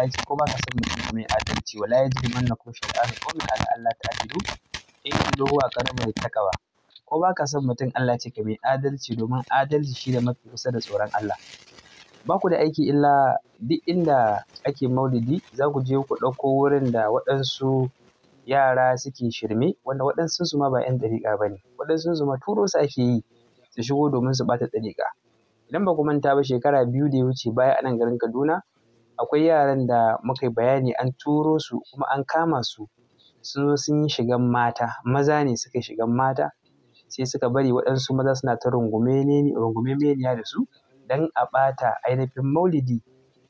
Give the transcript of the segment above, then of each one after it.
adalci ko baka son mutum mai adalci wala yajrimannakum shan'anu qawmin ala alla ta'dilu iqdilu huwa aqrabu littaqwa ko baka son mutum Allah ce ka mai adalci domin adalci shi da mafi kusa da tsoron Allah ba ku da aiki illa duk inda ake maulidi za ku je ku ɗauko wurin da waɗansu yara suke shirme wanda waɗansu su ma ba 'yan ɗariƙa ba ne waɗansu su ma turo su ake yi su shigo domin su ɓata ɗariƙa idan ba ku manta ba shekara biyu da ya wuce baya a nan garin Kaduna akwai yaran da muka yi bayani an turo su kuma an kama su sun zo sun yi shigan mata maza ne suka yi shigan mata sai suka bari waɗansu maza suna ta rungume meniya da su don a ɓata ainihin maulidi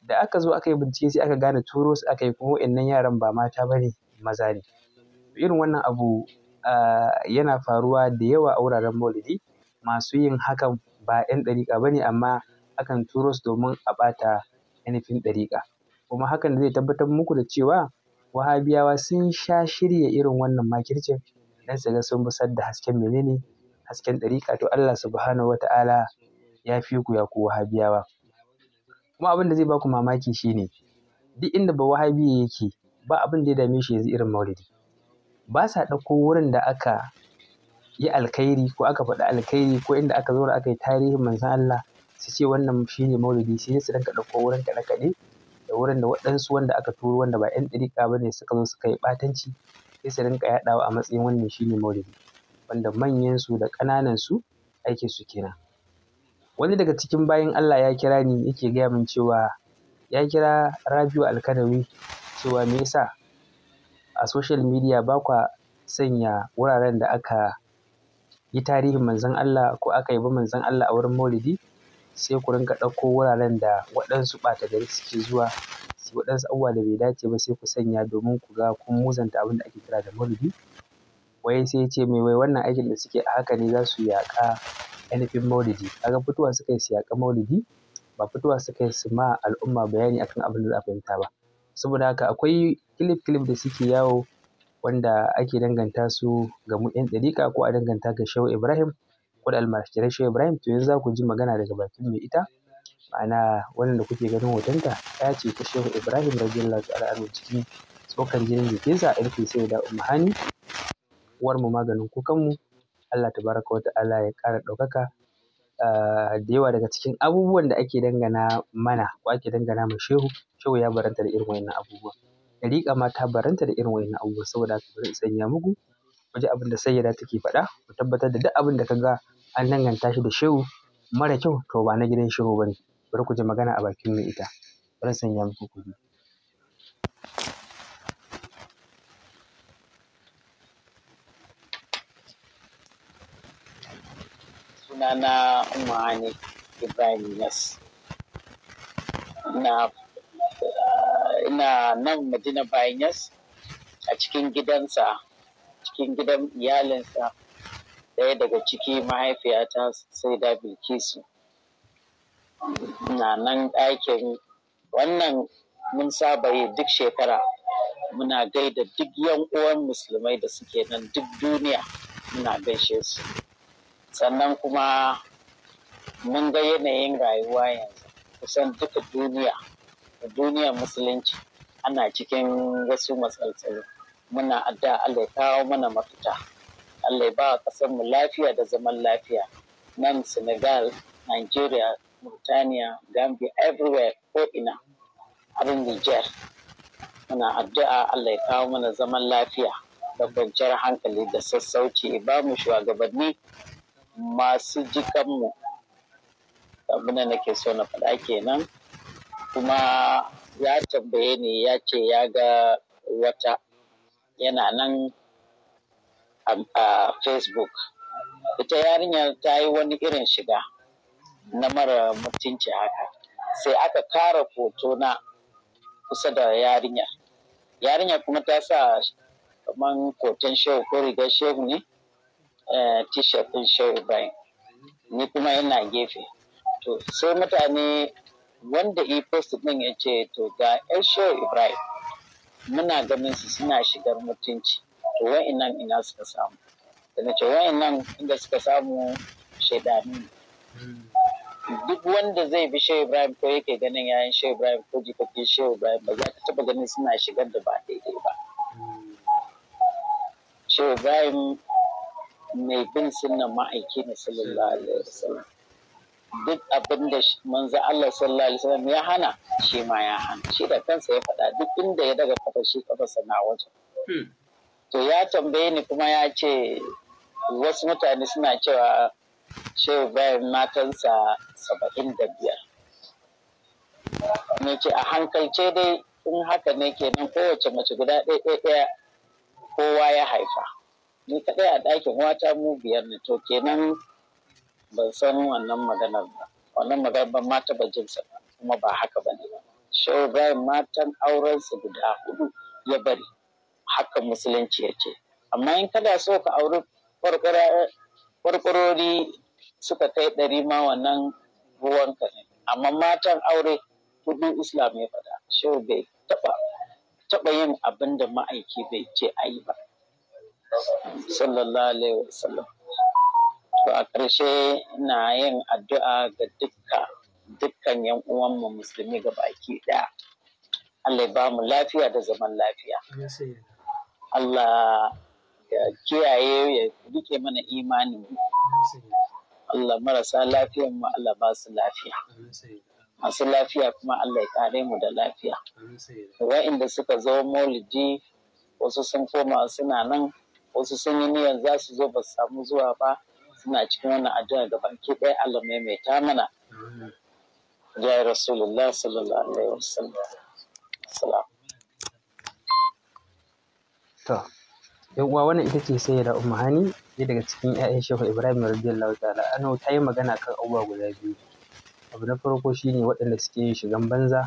da aka zo aka yi bincike sai aka gane turo su aka yi kuma waɗannan yaran ba mata ba ne maza ne irin wannan abu yana faruwa da yawa a wuraren maulidi masu yin hakan ba 'yan ɗariƙa ba ne amma akan turo su domin a ɓata ainihin ɗariƙa kuma hakan zai tabbatar muku da cewa wahabiyawa sun sha shirya irin wannan makircin don su ga sun busar da hasken menene hasken ɗariƙa to Allah subhanahu ta'ala ya fi ku ya ku wahabiyawa kuma abin da zai baku mamaki shine duk inda ba wahabi yake ba abin da ya dame shi yanzu irin maulidi ba sa ɗauko wurin da aka yi alkhairi ko aka faɗi alkhairi ko inda aka zauna aka yi tarihin manzon Allah su ce wannan shine maulidi sai su rinka ɗauko wurin kaɗe-kaɗe da wurin da waɗansu wanda aka turo wanda ba 'yan ɗariƙa ba ne suka zo suka yi ɓatanci sai su rinka yaɗawa a matsayin wannan ne maulidi wanda manyansu da ƙananansu su kenan wani daga cikin bayan Allah ya kira ni yake gaya min cewa ya kira Rabiu Alkanawi cewa me yasa a social media ba kwa sanya wuraren da aka yi tarihin manzon Allah ko aka yabi manzon Allah a wurin maulidi sai ku ringa ɗauko wuraren da waɗansu ɓata gari suke zuwa su waɗansu abubuwa da bai dace ba sai ku sanya domin ku ga kun muzanta abin da ake kira da marubi wai sai ce mai wai wannan aikin da suke a haka ne za su yaƙa ainihin maulidi kaga fitowa suka yi su yaƙa maulidi ba fitowa suka yi su ma al'umma bayani akan abin da za a fahimta ba saboda haka akwai kilif kilif da suke yawo wanda ake danganta su ga mu 'yan ɗariƙa ko a danganta ga Shehu Ibrahim ko da almajiran Ibrahim to yanzu za ku ji magana daga bakin mai ita ma'ana wannan da kuke ganin hotonta yace ce ta Shehu Ibrahim radiyallahu ta'ala anhu cikin tsokar jinin jikinsa irfi sai da umhani uwar mu maganin kukan mu Allah tabaraka wa ta'ala ya ƙara ɗaukaka ah, da yawa daga cikin abubuwan da ake dangana mana ko ake dangana ma shehu shehu ya baranta da irin wa'innan abubuwan dariƙa ma ta baranta da irin wa'innan abubuwan saboda haka bari in sanya muku waje abin da sayyada take faɗa ku tabbatar da duk abin da ka ga an danganta shi da shehu mara kyau to ba na gidan shehu ba ne bari ku ji magana a bakin mai ita bari sanya muku kuɗi. sunana Umani Ibrahim nas Na ina nan Madina Bayan a cikin gidansa cikin gidan iyalinsa ɗaya daga ciki mahaifiyata sai da bilkisu na nan ɗakin wannan mun saba yi duk shekara muna gaida duk yan uwan musulmai da suke nan duk duniya muna gaishe su sannan kuma mun ga yanayin rayuwa yanzu kusan duka duniya duniyar musulunci ana cikin wasu matsaltsalu muna addu'a Allah ya kawo mana mafita Allah ya ba kasar mu lafiya da zaman lafiya nan Senegal Nigeria Mauritania Gambia everywhere ko ina abin Niger muna addu'a Allah ya kawo mana zaman lafiya da kwanciyar hankali da sassauci ba mu shugabanni masu jikanmu abin da nake so na faɗa kenan kuma ya tambaye ni ya ce ya ga wata yana nan a facebook ita yarinya ta yi wani irin shiga na mara mutunci haka sai aka kara foto na kusa da yarinya yarinya kuma ta sa kaman koton shehu ko rigar shehu ne eh, t-shirt din shehu ibrahim ni kuma yana gefe to sai mutane wanda e post din ya ce to ga yan shehu ibrahim muna ganin su suna shigar mutunci to wa'annan ina suka samu da na ce wa'annan inda suka samu ne. duk wanda zai bi shehu ibrahim ko yake ganin yayan shehu ibrahim ko jikakken shehu ibrahim ba za ka taba ganin suna shigar da ba daidai ba shehu ibrahim mai bin sunan ma'aiki na sallallahu alaihi wasallam duk abin da manzo Allah sallallahu alaihi wasallam ya hana shi ma ya hana shi da kansa ya faɗa duk inda ya daga kafa shi kafa na waje hmm. to ya tambaye ni kuma ya ce wasu mutane suna cewa shehu bayan matansa saba'in da biyar ne ce a hankalce dai in haka ne kenan kowace mace guda ɗaya ɗaya kowa ya haifa ni kaɗai a ɗakin wata mu biyar ne to kenan ban san wannan maganar ba wannan maganar ban mata ba jinsa ba kuma ba haka ba ne shau bayan matan aurensa guda hudu ya bari haka musulunci ya ce amma in kada so ka auri kwarkwarori suka kai ɗari ma wannan ruwanka ne amma matan aure hudu islam ya faɗa shau bai taɓa taɓa yin abin da ma'aiki bai ce a yi ba sallallahu alaihi wasallam To a ƙarshe na yin addu'a ga dukka dukkan yan uwanmu musulmi ga baki ɗaya. Allah ya ba mu lafiya da zaman lafiya. Allah ya kiyaye ya rike mana imanin mu. Allah marasa lafiyan mu Allah ba su lafiya. Masu lafiya kuma Allah ya kare mu da lafiya. Wa'inda suka zo maulidi wasu sun koma suna nan wasu sun yi niyyar za su zo ba su samu zuwa ba. suna cikin wannan addu'a ga baki ɗaya Allah maimaita mana ya rasulullah sallallahu alaihi wasallam to yan uwa wannan ita ce sai da umma hani daga cikin 'ya'yan shehu ibrahim radiyallahu ta'ala an ta yi magana kan abubuwa guda biyu abu na farko shine waɗanda suke yin shigan banza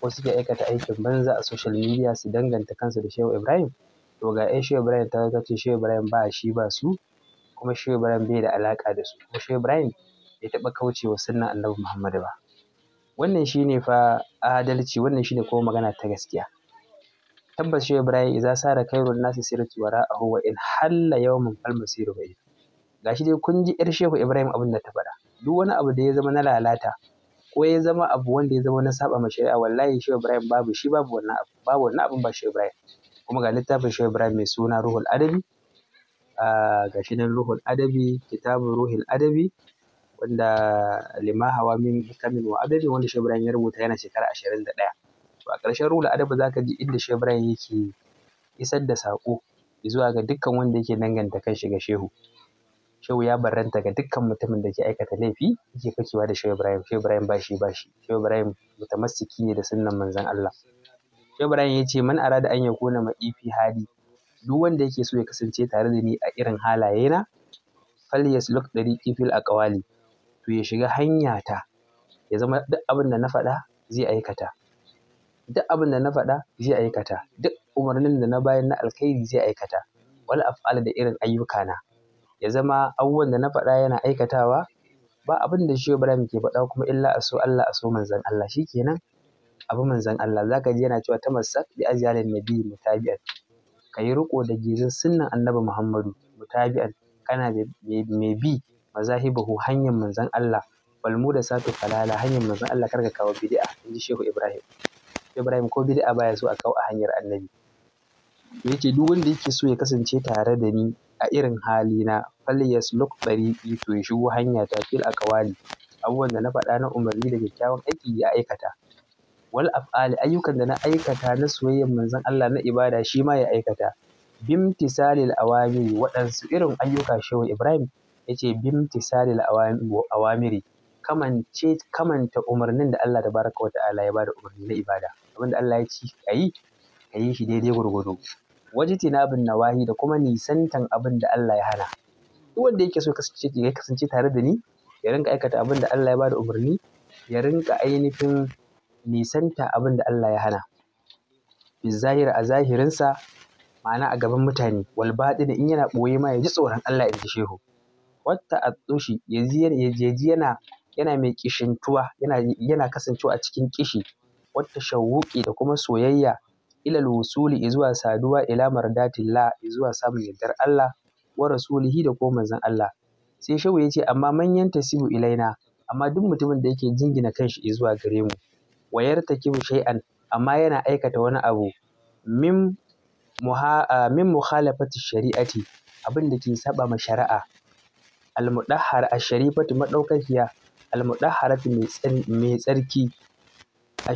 ko suke aikata aikin banza a social media su danganta kansu da shehu ibrahim to ga 'yan shehu ibrahim ta ce shehu ibrahim ba shi ba su kuma shehu ibrahim bai da alaƙa da su kuma shehu ibrahim bai taɓa kaucewa sunnan annabi muhammadu ba wannan shine fa adalci wannan shine kuma magana ta gaskiya tabbas shehu ibrahim idza sara khairun nasi siratu wara'ahu wa in halla yawman fal masiru bai shi dai kun ji yar shehu ibrahim abin da ta faɗa duk wani abu da ya zama na lalata ko ya zama abu wanda ya zama na saba ma shari'a wallahi shehu ibrahim babu shi babu wannan abu babu wannan abin ba shehu ibrahim kuma ga littafin shehu ibrahim mai suna ruhul adabi ga shi nan ruhul adabi kitabun ruhul adabi wanda lima hawa min kamin wa adabi wanda shi ya rubuta yana shekara ashirin da ɗaya to a ƙarshen ruhul adabi za ka ji inda shi yake isar da saƙo zuwa ga dukkan wanda yake danganta kan shi ga shehu shehu ya barranta ga dukkan mutumin da ke aikata laifi yake fakewa da shehu ibrahim shehu ibrahim bashi bashi shehu ibrahim mutamassiki ne da sunnan manzon allah shehu ibrahim ya ce man arada an yakuna ma'ifi hadi duk wanda yake so ya kasance tare da ni a irin halaye na falyasluk ɗariqi fil kawali to ya shiga hanyata ya zama duk abin da na faɗa zai aikata duk abin da na faɗa zai aikata duk umarnin da na bayar na alkhairi zai aikata wal af'al da irin ayyuka na ya zama abubuwan da na faɗa yana aikatawa ba abin da shi Ibrahim ke faɗa kuma illa a so Allah a so manzon Allah shikenan abu manzon Allah zaka ji yana cewa tamassak bi ajalin nabi mutabi'at ka yi riƙo da gizin sunnan annabi Muhammadu mutabi'an kana mai bi mazahibahu hanyar manzon Allah balmu da satu falala hanyar manzon Allah karka kawo bid'a inji Shehu Ibrahim Ibrahim ko bid'a baya so a kawo a hanyar annabi yace duk wanda yake so ya kasance tare da ni a irin hali na fal yasluk tariqi to ya shigo hanya ta fil aqwali abubuwan da na faɗa na umarni da kyakkyawan aiki ya aikata wal af'ali ayyukan da na aikata na soyayyar manzon Allah na ibada shi ma ya aikata bimtisalil awamiri waɗansu irin ayyuka shehu Ibrahim yace bimtisalil awamiri kamance kamanta umarnin da Allah tabaraka wa ta'ala ya bada umarni na ibada abinda Allah ya ci kayi kayi shi daidai gwargwado bin nawahi da kuma nisantan abin da Allah ya hana duk wanda yake so kasance ya kasance tare da ni ya rinka aikata abin da Allah ya bada umarni ya rinka ainihin nisanta abin da Allah ya hana bizahir a zahirinsa ma'ana a gaban mutane wal baɗini in yana ɓoye ma ya ji tsoron Allah in ji shehu wata atsushi ya ji yana yana mai kishintuwa yana yana kasancewa a cikin kishi wata shawuki da kuma soyayya ilal wusuli zuwa saduwa ila mardatillah izuwa samun yardar Allah wa rasulihi da kuma manzon Allah sai shawu ya ce amma manyan tasibu ilaina amma duk mutumin da yake jingina kanshi zuwa gare mu wa yartakibu shay'an amma yana aikata wani abu min muha ah, min mukhalafati shari'ati abin da ke saba ma shari'a al asharifatu madaukakiya almudahharatu mai tsarki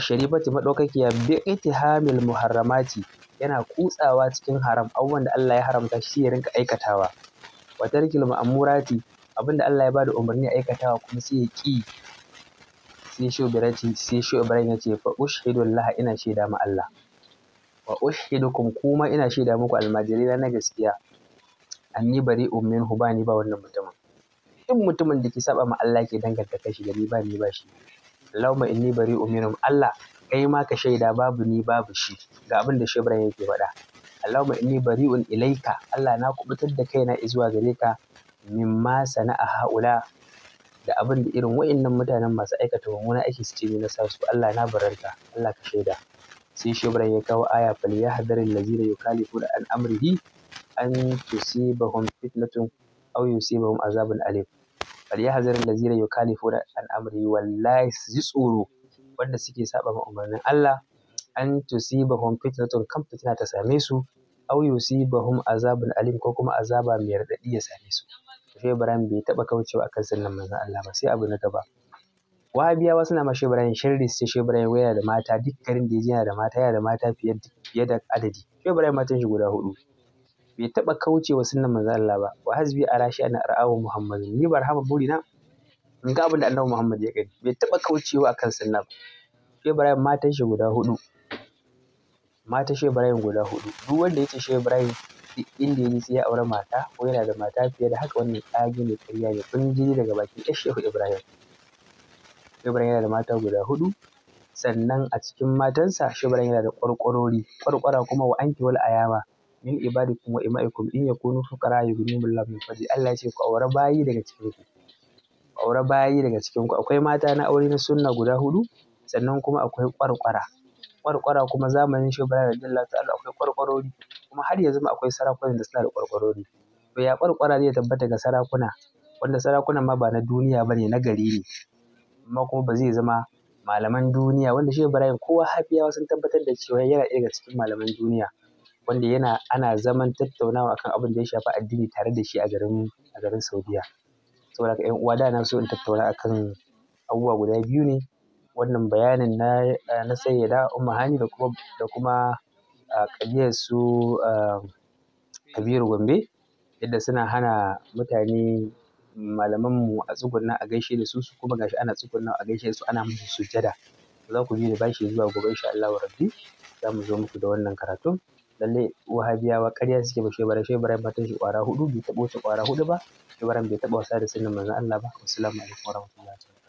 sharifatu madaukakiya bi ittihamil muharramati yana kutsawa cikin haram abubuwan da Allah ya haramta shi ya rinka aikatawa wa tarkil ma'murati abin da Allah ya bada umarni aikatawa kuma sai ya ƙi sai shi Ibrahim sai shi Ibrahim ya ce fa ushhidu Allah ina shaida ma Allah wa ushhidukum kuma ina shaida muku almajirai na gaskiya anni bari ummin ba ni ba wannan mutumin duk mutumin da ke saba ma Allah ke danganta kashi da ni ba ni ba shi lauma inni bari ummin Allah kai ma ka shaida babu ni babu shi ga abin da shi yake faɗa Allahumma inni bari'un ilaika Allah na kubutar da kaina zuwa gare ka mimma sana'a haula da abin da irin wa'innan mutanen masu aikata mummunan aiki suke na sa su Allah na baranta Allah ka shaida sai shebran ya kawo aya fal yahdharil ladzina yukhalifuna an amrihi an tusibahum fitnatun aw yusibahum azabun alim fal yahdharil ladzina yukhalifuna an amrihi wallahi su ji tsoro wanda suke saba ma umarnin Allah an tusibahum fitnatun kan fitna ta same su aw yusibahum azabun alim ko kuma azaba mai radadi ya same su Shehu Ibrahim bai taɓa kaucewa akan sunnan manzon Allah ba sai abu na gaba Wahabiyawa suna ma Shehu Ibrahim sharri su ce Shehu Ibrahim yana da mata duk garin da ya je yana da mata yana da mata fiye da adadi Shehu Ibrahim matan shi guda hudu bai taɓa kaucewa sunnan manzon Allah ba wa hasbi arashi ana ra'awu Muhammad ni ba rahama burina in ga abin da Annabi Muhammad ya gani bai taɓa kaucewa akan sunna ba Shehu Ibrahim matan shi guda hudu matan Shehu Ibrahim guda hudu duk wanda ya ce Shehu Ibrahim inda ya je sai ya auri mata ko yana da mata fiye da haka wannan ƙage mai ƙarya ne farin jini daga bakin ƴar Shehu Ibrahim. Ibrahim yana da mata guda huɗu sannan a cikin matansa Shehu Ibrahim yana da ƙwarƙwarori ƙwarƙwara kuma wa anki wal ayama min ibadikum wa ima'ikum in yakunu fuqara yughnihimullahu min fadli Allah ya ce ku aure bayi daga cikin ku aure bayi daga cikin ku akwai mata na aure na sunna guda huɗu sannan kuma akwai ƙwarƙwara ƙwarƙwara kuma zamanin Shehu Ibrahim radiyallahu Allah akwai ƙwarƙwarori kuma har yanzu ma akwai sarakunan da suna da ƙwarƙwarori to ya ƙwarƙwara zai tabbata ga sarakuna wanda sarakunan ma ba na duniya bane na gari ne amma kuma ba zai zama malaman duniya wanda shi Ibrahim kowa hafiyawa sun tabbatar da cewa yana ɗaya daga cikin malaman duniya wanda yana ana zaman tattaunawa akan abin da ya shafi addini tare da shi a garin a garin Saudiya saboda haka ƴan uwa da na so in tattauna akan abubuwa guda biyu ne wannan bayanin na eh, na sayyada umma hani da kuma da kuma ah, su ah, kabiru gombe yadda suna hana mutane mu a tsugunna a gaishe da su su kuma gashi ana tsugunna a gaishe su ana musu sujjada za ku bi da bashi zuwa gobe insha Allah rabbi za mu zo muku da wannan karatun lalle wahabiyawa ƙarya suke ba shebara shebara ba ta shi ƙwara hudu bai taɓa wata ƙwara hudu ba shebaran bai taɓa wasa da sunan manzon Allah ba assalamu alaikum warahmatullahi